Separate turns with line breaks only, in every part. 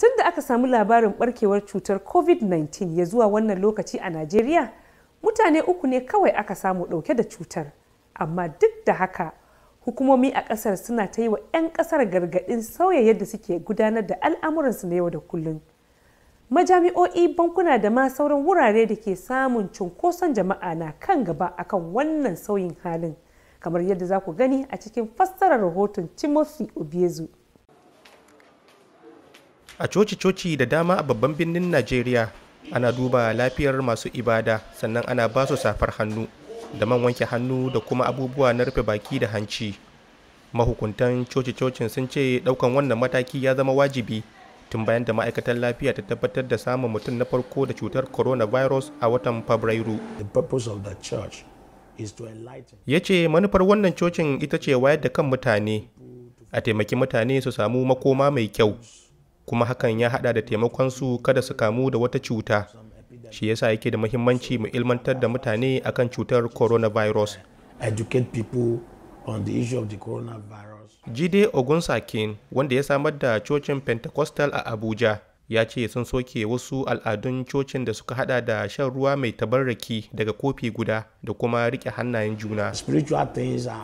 Tun da aka samu labarin barkewar cutar COVID-19 ya zuwa wannan lokaci a Najeriya, mutane uku ne kawai aka samu ɗauke da cutar. Amma duk da haka, hukumomi a ƙasar suna ta yi wa 'yan ƙasar gargaɗin sauya yadda suke gudanar da al'amuransu na yau da kullum. Majami'o'i, bankuna da ma sauran wurare da ke samun cunkoson jama'a na kan gaba akan wannan sauyin halin, kamar yadda za ku gani a cikin fassarar rahoton Timothy Obiezu.
a coci-coci da dama a babban birnin najeriya ana duba lafiyar masu ibada sannan ana ba su safar hannu da man wanke hannu da kuma abubuwa na rufe baki da hanci mahukuntan coci-cocin sun ce daukan wannan mataki ya zama wajibi tun bayan da ma'aikatar lafiya ta tabbatar da samun mutum na farko da cutar coronavirus a watan fabrairu ya ce manufar wannan cocin ita ce wayar da kan mutane a taimaki mutane su samu makoma mai kyau kuma hakan ya hada da taimakon su kada su kamu da wata cuta shi yasa yake da muhimmanci mu ilmantar da mutane akan cutar coronavirus educate people on the issue of the coronavirus jide ogunsakin wanda ya samar da cocin pentecostal a abuja ya ce sun soke wasu al'adun cocin da suka hada da shan ruwa mai tabarraki daga kofi guda da kuma rike hannayen juna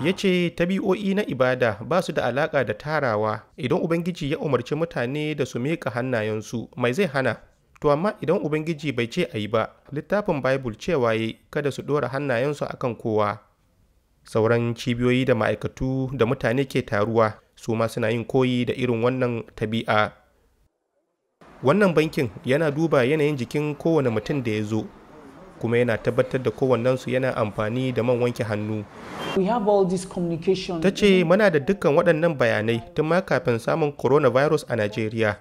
ya ce tabi'o'i na ibada ba su da alaka da tarawa idan ubangiji ya umarci mutane da su miƙa hannayensu mai zai hana to amma idan ubangiji bai ce a yi ba littafin bible cewa yi kada su ɗora hannayensu akan kowa sauran cibiyoyi da ma'aikatu da mutane ke taruwa su ma suna yin koyi da irin wannan tabi'a wannan bankin yana duba yanayin jikin kowane mutum da ya zo kuma yana tabbatar da kowannensu yana amfani da man wanke hannu ta ce mana da dukkan waɗannan bayanai tun ma kafin samun coronavirus a najeriya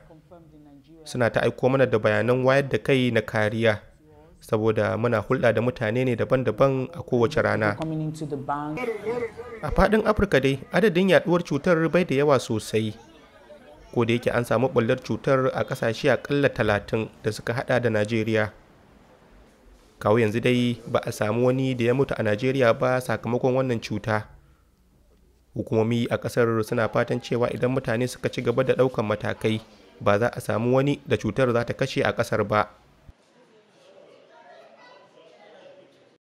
suna ta aiko mana da bayanan wayar da kai na kariya saboda muna hulɗa da mutane ne daban-daban a kowace rana a faɗin afirka dai adadin yaɗuwar cutar bai da yawa sosai ko da yake an samu bullar cutar a kasashe aƙalla talatin da suka hada da najeriya kawo yanzu dai ba a samu wani da ya mutu a najeriya ba sakamakon wannan cuta hukumomi a kasar suna fatan cewa idan mutane suka ci gaba da ɗaukan matakai ba za a samu wani da cutar za ta kashe a kasar ba